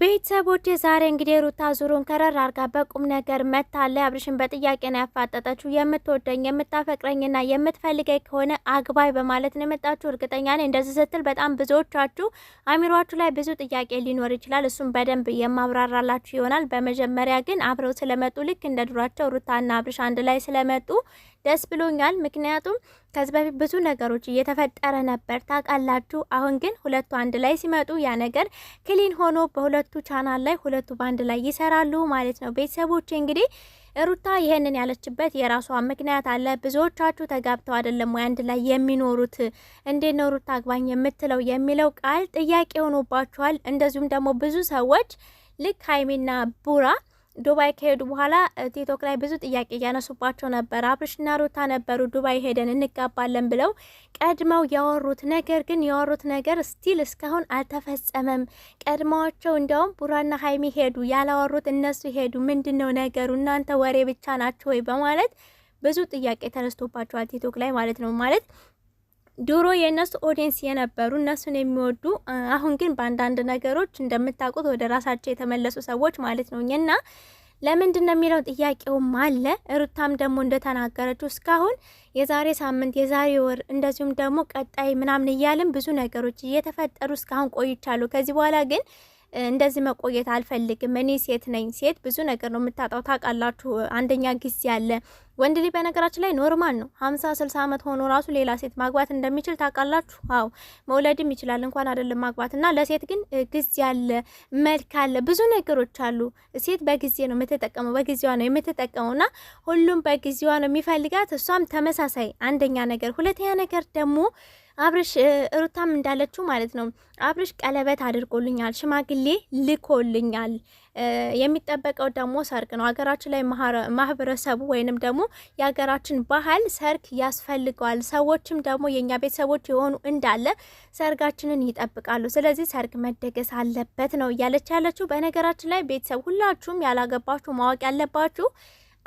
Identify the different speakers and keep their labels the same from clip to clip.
Speaker 1: ቤተሰቦች ዛሬ እንግዲህ ሩታ ዙሩን ከረር አርጋ በቁም ነገር መታለ አብርሽን በጥያቄ ነው ያፋጠጠችው። የምትወደኝ የምታፈቅረኝና የምትፈልገኝ ከሆነ አግባይ በማለት ነው የመጣችሁ። እርግጠኛ ነኝ እንደዚህ ስትል በጣም ብዙዎቻችሁ አሚሯችሁ ላይ ብዙ ጥያቄ ሊኖር ይችላል። እሱም በደንብ የማብራራላችሁ ይሆናል። በመጀመሪያ ግን አብረው ስለመጡ ልክ እንደ ድሯቸው ሩታና አብርሽ አንድ ላይ ስለመጡ ደስ ብሎኛል። ምክንያቱም ከዚህ በፊት ብዙ ነገሮች እየተፈጠረ ነበር ታውቃላችሁ። አሁን ግን ሁለቱ አንድ ላይ ሲመጡ ያ ነገር ክሊን ሆኖ በሁለቱ ቻናል ላይ ሁለቱ በአንድ ላይ ይሰራሉ ማለት ነው። ቤተሰቦች እንግዲህ ሩታ ይህንን ያለችበት የራሷ ምክንያት አለ። ብዙዎቻችሁ ተጋብተው አይደለም ወይ አንድ ላይ የሚኖሩት እንዴት ነው ሩታ አግባኝ የምትለው የሚለው ቃል ጥያቄ ሆኖባችኋል። እንደዚሁም ደግሞ ብዙ ሰዎች ልክ ሀይሚና ቡራ ዱባይ ከሄዱ በኋላ ቲክቶክ ላይ ብዙ ጥያቄ እያነሱባቸው ነበር። አብርሽና ሩታ ነበሩ ዱባይ ሄደን እንጋባለን ብለው ቀድመው ያወሩት ነገር ግን ያወሩት ነገር ስቲል እስካሁን አልተፈጸመም። ቀድመዋቸው እንዲያውም ቡራና ሀይሚ ሄዱ ያላወሩት እነሱ ሄዱ። ምንድን ነው ነገሩ? እናንተ ወሬ ብቻ ናቸው ወይ በማለት ብዙ ጥያቄ ተነስቶባቸዋል ቲክቶክ ላይ ማለት ነው ማለት ድሮ የእነሱ ኦዲየንስ የነበሩ እነሱን የሚወዱ አሁን ግን በአንዳንድ ነገሮች እንደምታውቁት ወደ ራሳቸው የተመለሱ ሰዎች ማለት ነው እና ለምንድን ነው የሚለው ጥያቄውም አለ። ሩታም ደግሞ እንደተናገረችው እስካሁን የዛሬ ሳምንት፣ የዛሬ ወር እንደዚሁም ደግሞ ቀጣይ ምናምን እያልን ብዙ ነገሮች እየተፈጠሩ እስካሁን ቆይቻሉ። ከዚህ በኋላ ግን እንደዚህ መቆየት አልፈልግም። እኔ ሴት ነኝ። ሴት ብዙ ነገር ነው የምታጣው፣ ታውቃላችሁ። አንደኛ ጊዜ አለ። ወንድ ልጅ በነገራችን ላይ ኖርማል ነው። ሀምሳ ስልሳ ዓመት ሆኖ ራሱ ሌላ ሴት ማግባት እንደሚችል ታውቃላችሁ። አዎ መውለድም ይችላል እንኳን አይደለም ማግባት እና ለሴት ግን ጊዜ አለ፣ መልክ አለ፣ ብዙ ነገሮች አሉ። ሴት በጊዜ ነው የምትጠቀመው፣ በጊዜዋ ነው የምትጠቀመው እና ሁሉም በጊዜዋ ነው የሚፈልጋት። እሷም ተመሳሳይ አንደኛ ነገር፣ ሁለተኛ ነገር ደግሞ አብርሽ ሩታም እንዳለችው ማለት ነው አብርሽ ቀለበት አድርጎልኛል፣ ሽማግሌ ልኮልኛል። የሚጠበቀው ደግሞ ሰርግ ነው። ሀገራችን ላይ ማህበረሰቡ ወይንም ደግሞ የሀገራችን ባህል ሰርግ ያስፈልገዋል። ሰዎችም ደግሞ የእኛ ቤተሰቦች የሆኑ እንዳለ ሰርጋችንን ይጠብቃሉ። ስለዚህ ሰርግ መደገስ አለበት ነው እያለች ያለችው። በነገራችን ላይ ቤተሰብ ሁላችሁም ያላገባችሁ ማወቅ ያለባችሁ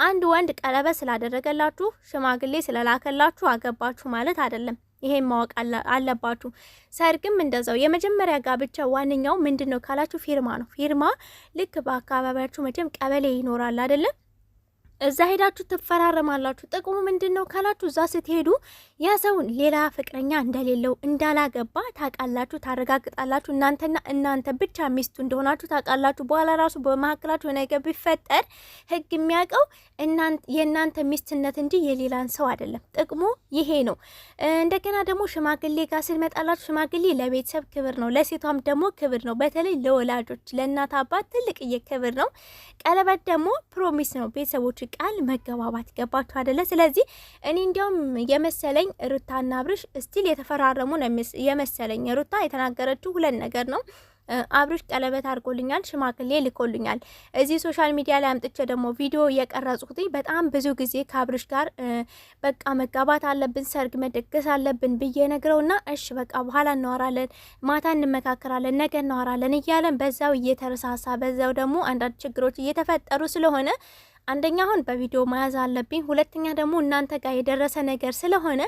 Speaker 1: አንድ ወንድ ቀለበት ስላደረገላችሁ ሽማግሌ ስለላከላችሁ አገባችሁ ማለት አይደለም። ይሄን ማወቅ አለባችሁ። ሰርግም እንደዛው። የመጀመሪያ ጋብቻ ዋነኛው ምንድን ነው ካላችሁ ፊርማ ነው። ፊርማ ልክ በአካባቢያችሁ መቼም ቀበሌ ይኖራል አይደለም እዛ ሄዳችሁ ትፈራረማላችሁ። ጥቅሙ ምንድን ነው ካላችሁ እዛ ስትሄዱ ያ ሰውን ሌላ ፍቅረኛ እንደሌለው እንዳላገባ ታውቃላችሁ፣ ታረጋግጣላችሁ። እናንተና እናንተ ብቻ ሚስቱ እንደሆናችሁ ታውቃላችሁ። በኋላ ራሱ በመካከላችሁ ነገር ቢፈጠር ህግ የሚያውቀው የእናንተ ሚስትነት እንጂ የሌላን ሰው አይደለም። ጥቅሙ ይሄ ነው። እንደገና ደግሞ ሽማግሌ ጋር ስንመጣላችሁ ሽማግሌ ለቤተሰብ ክብር ነው፣ ለሴቷም ደግሞ ክብር ነው። በተለይ ለወላጆች ለእናት አባት ትልቅ ክብር ነው። ቀለበት ደግሞ ፕሮሚስ ነው ቤተሰቦች ቃል መገባባት ገባችሁ አደለ? ስለዚህ እኔ እንዲያውም የመሰለኝ ሩታና አብርሽ ስቲል የተፈራረሙ ነው የመሰለኝ። ሩታ የተናገረችው ሁለት ነገር ነው። አብርሽ ቀለበት አድርጎልኛል፣ ሽማግሌ ልኮልኛል። እዚህ ሶሻል ሚዲያ ላይ አምጥቼ ደግሞ ቪዲዮ የቀረጽኩት በጣም ብዙ ጊዜ ከአብርሽ ጋር በቃ መጋባት አለብን፣ ሰርግ መደገስ አለብን ብዬ ና እሺ በቃ በኋላ እናወራለን፣ ማታ እንመካከራለን፣ ነገ እናወራለን እያለን በዛው እየተረሳሳ በዛው ደግሞ አንዳንድ ችግሮች እየተፈጠሩ ስለሆነ አንደኛ አሁን በቪዲዮ መያዝ አለብኝ፣ ሁለተኛ ደግሞ እናንተ ጋር የደረሰ ነገር ስለሆነ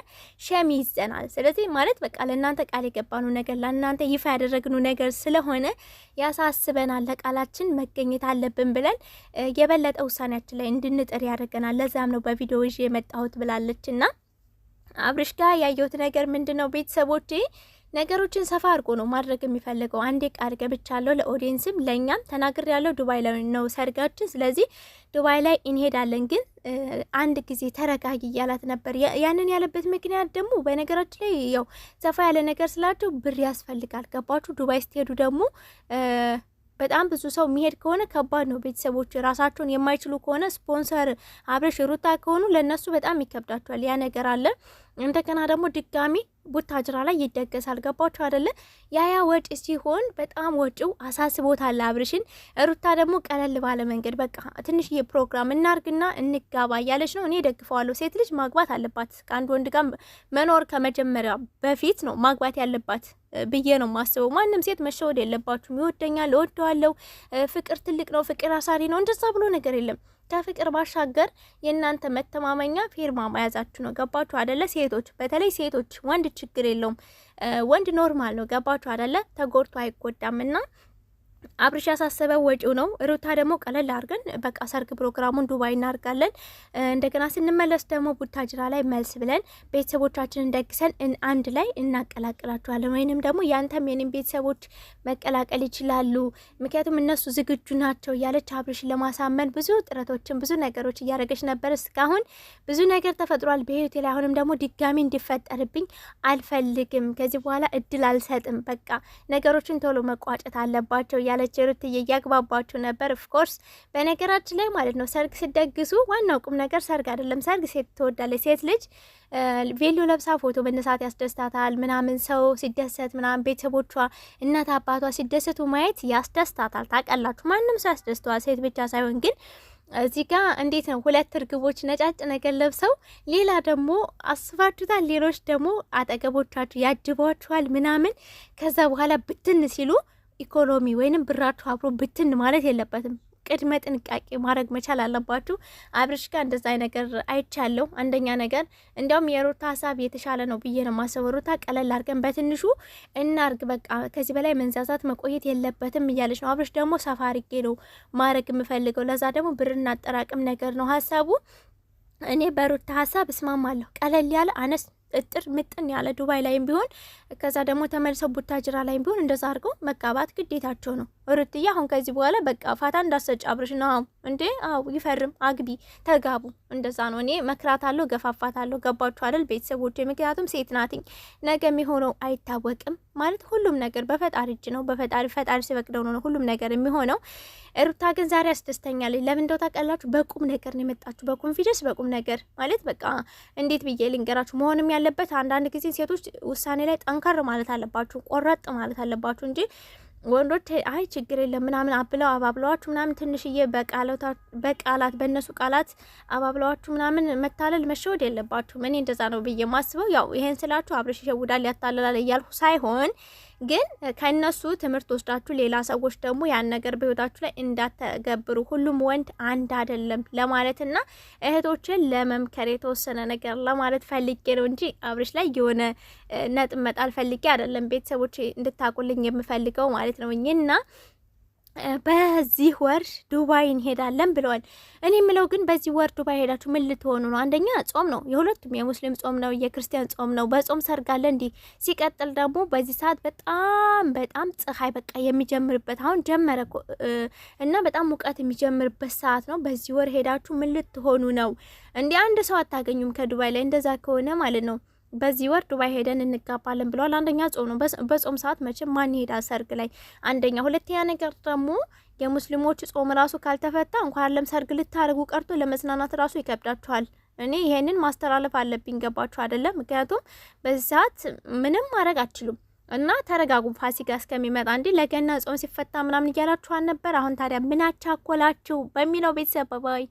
Speaker 1: ሸም ይዘናል። ስለዚህ ማለት በቃ ለእናንተ ቃል የገባነው ነገር ለእናንተ ይፋ ያደረግነው ነገር ስለሆነ ያሳስበናል፣ ለቃላችን መገኘት አለብን ብለን የበለጠ ውሳኔያችን ላይ እንድንጥር ያደርገናል። ለዛም ነው በቪዲዮ ይዤ የመጣሁት ብላለችና አብርሽ ጋር ያየሁት ነገር ምንድን ነው ቤተሰቦቼ ነገሮችን ሰፋ አድርጎ ነው ማድረግ የሚፈልገው። አንዴ ቃል ገብቻለሁ ለኦዲየንስም ለእኛም ተናግር ያለው ዱባይ ላይ ነው ሰርጋችን፣ ስለዚህ ዱባይ ላይ እንሄዳለን፣ ግን አንድ ጊዜ ተረጋጊ እያላት ነበር። ያንን ያለበት ምክንያት ደግሞ በነገራችን ላይ ያው ሰፋ ያለ ነገር ስላቸው ብር ያስፈልጋል። ገባችሁ? ዱባይ ስትሄዱ ደግሞ በጣም ብዙ ሰው የሚሄድ ከሆነ ከባድ ነው። ቤተሰቦች ራሳቸውን የማይችሉ ከሆነ ስፖንሰር አብረሽ ሩታ ከሆኑ ለእነሱ በጣም ይከብዳቸዋል። ያ ነገር አለ። እንደገና ደግሞ ድጋሚ ቡታጅራ ላይ ይደገሳል። ገባችሁ አይደለ? ያያ ወጪ ሲሆን በጣም ወጪው አሳስቦታል አብርሽን። ሩታ ደግሞ ቀለል ባለ መንገድ በቃ ትንሽዬ ፕሮግራም እናርግና እንጋባ እያለች ነው። እኔ ደግፈዋለሁ። ሴት ልጅ ማግባት አለባት። ከአንድ ወንድ ጋር መኖር ከመጀመሪያ በፊት ነው ማግባት ያለባት ብዬ ነው ማስበው። ማንም ሴት መሸወድ የለባችሁም። ይወደኛል፣ እወደዋለሁ፣ ፍቅር ትልቅ ነው፣ ፍቅር አሳሪ ነው፣ እንደዛ ብሎ ነገር የለም ከፍቅር ባሻገር የእናንተ መተማመኛ ፊርማ መያዛችሁ ነው። ገባችሁ አደለ? ሴቶች በተለይ ሴቶች፣ ወንድ ችግር የለውም ወንድ ኖርማል ነው። ገባችሁ አደለ? ተጎድቶ አይጎዳምና አብርሽ ያሳሰበው ወጪው ነው። ሩታ ደግሞ ቀለል አድርገን በቃ ሰርግ ፕሮግራሙን ዱባይ እናርጋለን። እንደገና ስንመለስ ደግሞ ቡታጅራ ላይ መልስ ብለን ቤተሰቦቻችንን ደግሰን አንድ ላይ እናቀላቅላቸዋለን። ወይንም ደግሞ ያንተም የኔም ቤተሰቦች መቀላቀል ይችላሉ፣ ምክንያቱም እነሱ ዝግጁ ናቸው እያለች አብርሽን ለማሳመን ብዙ ጥረቶችን ብዙ ነገሮች እያደረገች ነበር። እስካሁን ብዙ ነገር ተፈጥሯል በህይወቴ ላይ። አሁንም ደግሞ ድጋሚ እንዲፈጠርብኝ አልፈልግም። ከዚህ በኋላ እድል አልሰጥም። በቃ ነገሮችን ቶሎ መቋጨት አለባቸው እያለ ትላለች ሩትዬ። እያግባባችሁ ነበር ኦፍኮርስ። በነገራችን ላይ ማለት ነው ሰርግ ስደግሱ ዋናው ቁም ነገር ሰርግ አይደለም። ሰርግ ሴት ትወዳለች። ሴት ልጅ ቬሎ ለብሳ ፎቶ መነሳት ያስደስታታል ምናምን፣ ሰው ሲደሰት ምናምን፣ ቤተሰቦቿ እናት አባቷ ሲደሰቱ ማየት ያስደስታታል። ታውቃላችሁ፣ ማንም ሰው ያስደስተዋል፣ ሴት ብቻ ሳይሆን ግን እዚህ ጋ እንዴት ነው ሁለት እርግቦች ነጫጭ ነገር ለብሰው፣ ሌላ ደግሞ አስባችሁታል፣ ሌሎች ደግሞ አጠገቦቻችሁ ያጅቧችኋል ምናምን። ከዛ በኋላ ብትን ሲሉ ኢኮኖሚ ወይንም ብራችሁ አብሮ ብትን ማለት የለበትም። ቅድመ ጥንቃቄ ማድረግ መቻል አለባችሁ። አብርሽ ጋር እንደዛ ነገር አይቻለሁ። አንደኛ ነገር እንዲያውም የሩታ ሀሳብ የተሻለ ነው ብዬ ነው የማስበው። ሩታ ቀለል አድርገን በትንሹ እናርግ፣ በቃ ከዚህ በላይ መንዛዛት መቆየት የለበትም እያለች ነው። አብርሽ ደግሞ ሰፋ አድርጌ ነው ማድረግ የምፈልገው፣ ለዛ ደግሞ ብርና አጠራቅም ነገር ነው ሀሳቡ። እኔ በሩታ ሀሳብ እስማማለሁ። ቀለል ያለ አነስ እጥር ምጥን ያለ ዱባይ ላይም ቢሆን ከዛ ደግሞ ተመልሰው ቡታጅራ ላይም ቢሆን እንደዛ አድርገው መጋባት ግዴታቸው ነው። ርትዬ አሁን ከዚህ በኋላ በቃ ፋታ እንዳሰጭ አብርሽ ነው አሁ እንዴ? አው ይፈርም፣ አግቢ፣ ተጋቡ። እንደዛ ነው። እኔ መክራት አለሁ ገፋፋት አለሁ ገባችሁ አይደል ቤተሰቦች? ምክንያቱም ሴት ናትኝ፣ ነገ የሚሆነው አይታወቅም ማለት ሁሉም ነገር በፈጣሪ እጅ ነው። በፈጣሪ ፈጣሪ ሲፈቅደው ነው ሁሉም ነገር የሚሆነው። ሩታ ግን ዛሬ አስደስተኛለች። ለምን እንደው ታውቃላችሁ? በቁም ነገር ነው የመጣችሁ፣ በኮንፊደንስ በቁም ነገር ማለት በቃ እንዴት ብዬ ልንገራችሁ መሆንም ያለ ያለበት አንዳንድ ጊዜ ሴቶች ውሳኔ ላይ ጠንከር ማለት አለባችሁ፣ ቆረጥ ማለት አለባችሁ እንጂ ወንዶች አይ ችግር የለም ምናምን አብለው አባብለዋችሁ ምናምን ትንሽዬ በቃላት በእነሱ ቃላት አባብለዋችሁ ምናምን መታለል መሸወድ የለባችሁም። እኔ እንደዛ ነው ብዬ ማስበው። ያው ይሄን ስላችሁ አብረሽ ይሸውዳል ያታለላል እያልሁ ሳይሆን ግን ከእነሱ ትምህርት ወስዳችሁ ሌላ ሰዎች ደግሞ ያን ነገር በህይወታችሁ ላይ እንዳተገብሩ ሁሉም ወንድ አንድ አይደለም ለማለትና እህቶችን ለመምከር የተወሰነ ነገር ለማለት ፈልጌ ነው እንጂ አብርሽ ላይ የሆነ ነጥብ መጣል ፈልጌ አይደለም። ቤተሰቦች እንድታቁልኝ የምፈልገው ማለት ነው እና በዚህ ወር ዱባይ እንሄዳለን ብለዋል። እኔ የምለው ግን በዚህ ወር ዱባይ ሄዳችሁ ምን ልትሆኑ ነው? አንደኛ ጾም ነው፣ የሁለቱም የሙስሊም ጾም ነው፣ የክርስቲያን ጾም ነው። በጾም ሰርጋለ እንዲህ ሲቀጥል ደግሞ በዚህ ሰዓት በጣም በጣም ፀሐይ በቃ የሚጀምርበት አሁን ጀመረ እና በጣም ሙቀት የሚጀምርበት ሰዓት ነው። በዚህ ወር ሄዳችሁ ምን ልትሆኑ ነው? እንዲህ አንድ ሰው አታገኙም ከዱባይ ላይ እንደዛ ከሆነ ማለት ነው። በዚህ ወር ዱባይ ሄደን እንጋባለን ብለዋል። አንደኛ ጾም ነው። በጾም ሰዓት መቼም ማን ይሄዳል ሰርግ ላይ? አንደኛ። ሁለተኛ ነገር ደግሞ የሙስሊሞች ጾም ራሱ ካልተፈታ እንኳን አለም ሰርግ ልታደርጉ ቀርቶ ለመዝናናት ራሱ ይከብዳችኋል። እኔ ይሄንን ማስተላለፍ አለብኝ። ገባችሁ አይደለም? ምክንያቱም በዚህ ሰዓት ምንም ማድረግ አትችሉም። እና ተረጋጉ። ፋሲካ እስከሚመጣ እንዲ ለገና ጾም ሲፈታ ምናምን እያላችኋል ነበር። አሁን ታዲያ ምን አቻኮላችሁ በሚለው ቤተሰብ ባይ